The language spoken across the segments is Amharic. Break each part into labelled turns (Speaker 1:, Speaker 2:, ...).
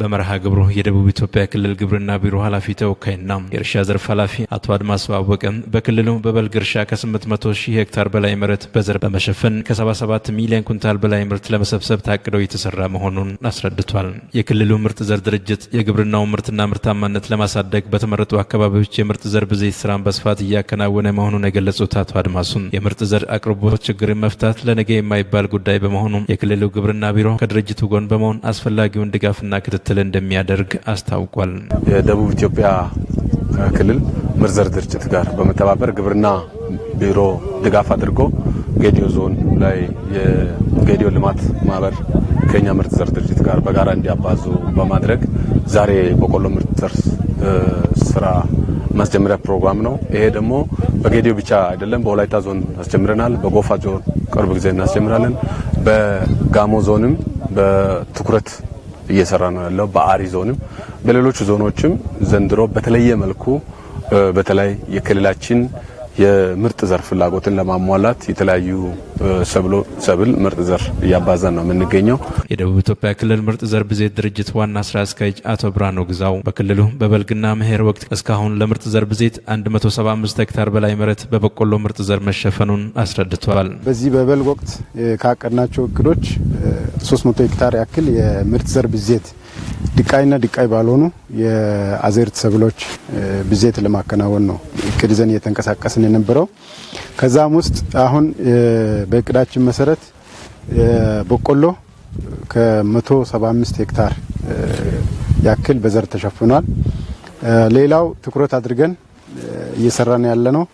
Speaker 1: በመርሃ ግብሩ የደቡብ ኢትዮጵያ ክልል ግብርና ቢሮ ኃላፊ ተወካይና የእርሻ ዘርፍ ኃላፊ አቶ አድማስ ባወቀ በክልሉ በበልግ እርሻ ከ800 ሺህ ሄክታር በላይ መሬት በዘር በመሸፈን ከ77 ሚሊዮን ኩንታል በላይ ምርት ለመሰብሰብ ታቅደው የተሰራ መሆኑን አስረድቷል። የክልሉ ምርጥ ዘር ድርጅት የግብርናውን ምርትና ምርታማነት ለማሳደግ በተመረጡ አካባቢዎች የምርጥ ዘር ብዜት ስራን በስፋት እያከናወነ መሆኑን የገለጹት አቶ አድማሱን የምርጥ ዘር አቅርቦት ችግርን መፍታት ለነገ የማይባል ጉዳይ በመሆኑ የክልሉ ግብርና ቢሮ ከድርጅቱ ጎን በመሆን አስፈላጊውን ድጋፍና ክትትል ክትትል እንደሚያደርግ አስታውቋል።
Speaker 2: የደቡብ ኢትዮጵያ ክልል ምርዘር ድርጅት ጋር በመተባበር ግብርና ቢሮ ድጋፍ አድርጎ ጌዲዮ ዞን ላይ የጌዲዮ ልማት ማህበር ከኛ ምርጥ ዘር ድርጅት ጋር በጋራ እንዲያባዙ በማድረግ ዛሬ በቆሎ ምርጥ ዘር ስራ ማስጀመሪያ ፕሮግራም ነው። ይሄ ደግሞ በጌዲዮ ብቻ አይደለም፣ በወላይታ ዞን አስጀምረናል። በጎፋ ዞን ቅርብ ጊዜ እናስጀምራለን። በጋሞ ዞንም በትኩረት እየሰራ ነው ያለው። በአሪ ዞንም በሌሎች ዞኖችም ዘንድሮ በተለየ መልኩ በተለይ የክልላችን የምርጥ ዘር ፍላጎትን ለማሟላት የተለያዩ ሰብል ምርጥ ዘር እያባዛን ነው የምንገኘው።
Speaker 1: የደቡብ ኢትዮጵያ ክልል ምርጥ ዘር ብዜት ድርጅት ዋና ስራ አስኪያጅ አቶ ብራኖ ግዛው በክልሉ በበልግና መኸር ወቅት እስካሁን ለምርጥ ዘር ብዜት 175 ሄክታር በላይ መሬት በበቆሎ ምርጥ ዘር መሸፈኑን አስረድተዋል።
Speaker 3: በዚህ በበልግ ወቅት ካቀድናቸው እቅዶች 300 ሄክታር ያክል የምርጥ ዘር ብዜት ድቃይና ድቃይ ባልሆኑ የአዝርት ሰብሎች ብዜት ለማከናወን ነው እቅድ ይዘን እየተንቀሳቀስን የነበረው። ከዛም ውስጥ አሁን በእቅዳችን መሰረት በቆሎ ከ175 ሄክታር ያክል በዘር ተሸፍኗል። ሌላው ትኩረት አድርገን እየሰራን ያለ ነው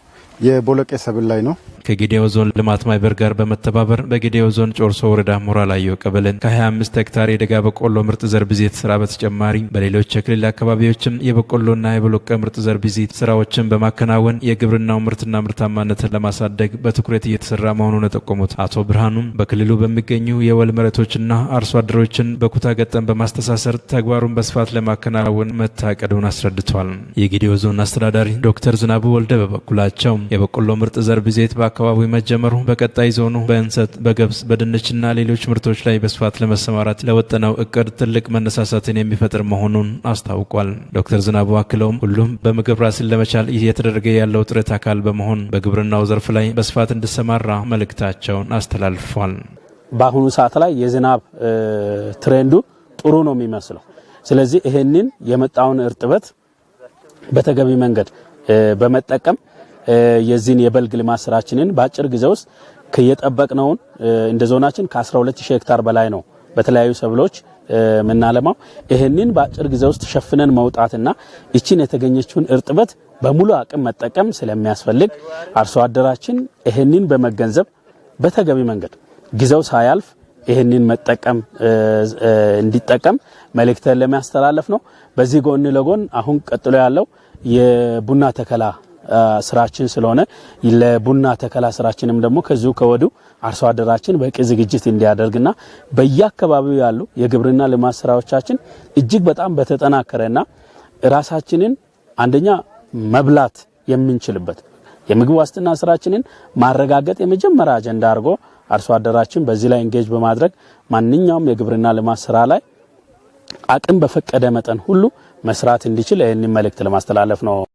Speaker 3: የቦለቄ ሰብል ላይ ነው።
Speaker 1: ከጌዲዮ ዞን ልማት ማይበር ጋር በመተባበር በጌዲዮ ዞን ጮርሶ ወረዳ ሞራላዮ ቀበሌን ከ25 ሄክታር የደጋ በቆሎ ምርጥ ዘር ብዜት ስራ በተጨማሪ በሌሎች የክልል አካባቢዎችም የበቆሎና የበሎቀ ምርጥ ዘር ብዜት ስራዎችን በማከናወን የግብርናው ምርትና ምርታማነትን ለማሳደግ በትኩረት እየተሰራ መሆኑን የጠቆሙት አቶ ብርሃኑም በክልሉ በሚገኙ የወል መሬቶችና አርሶ አደሮችን በኩታ ገጠም በማስተሳሰር ተግባሩን በስፋት ለማከናወን መታቀዱን አስረድቷል። የጌዲዮ ዞን አስተዳዳሪ ዶክተር ዝናቡ ወልደ በበኩላቸው የበቆሎ ምርጥ ዘር ብዜት በአካባቢ በአካባቢው መጀመሩ በቀጣይ ዞኑ በእንሰት፣ በገብስ፣ በድንችና ሌሎች ምርቶች ላይ በስፋት ለመሰማራት ለወጠነው እቅድ ትልቅ መነሳሳትን የሚፈጥር መሆኑን አስታውቋል። ዶክተር ዝናቡ አክለውም ሁሉም በምግብ ራስን ለመቻል እየተደረገ ያለው ጥረት አካል በመሆን በግብርናው ዘርፍ ላይ በስፋት እንዲሰማራ መልእክታቸውን አስተላልፏል።
Speaker 4: በአሁኑ ሰዓት ላይ የዝናብ ትሬንዱ ጥሩ ነው የሚመስለው። ስለዚህ ይህንን የመጣውን እርጥበት በተገቢ መንገድ በመጠቀም የዚህን የበልግ ልማት ስራችንን በአጭር ጊዜ ውስጥ የጠበቅነውን እንደ ዞናችን ከ12 ሺህ ሄክታር በላይ ነው በተለያዩ ሰብሎች የምናለማው ይህንን በአጭር ጊዜ ውስጥ ሸፍነን መውጣትና ይችን የተገኘችውን እርጥበት በሙሉ አቅም መጠቀም ስለሚያስፈልግ አርሶ አደራችን ይህንን በመገንዘብ በተገቢ መንገድ ጊዜው ሳያልፍ ይህንን መጠቀም እንዲጠቀም መልእክተን ለሚያስተላለፍ ነው። በዚህ ጎን ለጎን አሁን ቀጥሎ ያለው የቡና ተከላ ስራችን ስለሆነ ለቡና ተከላ ስራችንም ደግሞ ከዚሁ ከወዱ አርሶ አደራችን በቂ ዝግጅት እንዲያደርግና በየአካባቢው ያሉ የግብርና ልማት ስራዎቻችን እጅግ በጣም በተጠናከረና ራሳችንን አንደኛ መብላት የምንችልበት የምግብ ዋስትና ስራችንን ማረጋገጥ የመጀመሪያ አጀንዳ አድርጎ አርሶ አደራችን በዚህ ላይ እንጌጅ በማድረግ ማንኛውም የግብርና ልማት ስራ ላይ አቅም በፈቀደ መጠን ሁሉ መስራት እንዲችል ይህንን መልእክት ለማስተላለፍ ነው።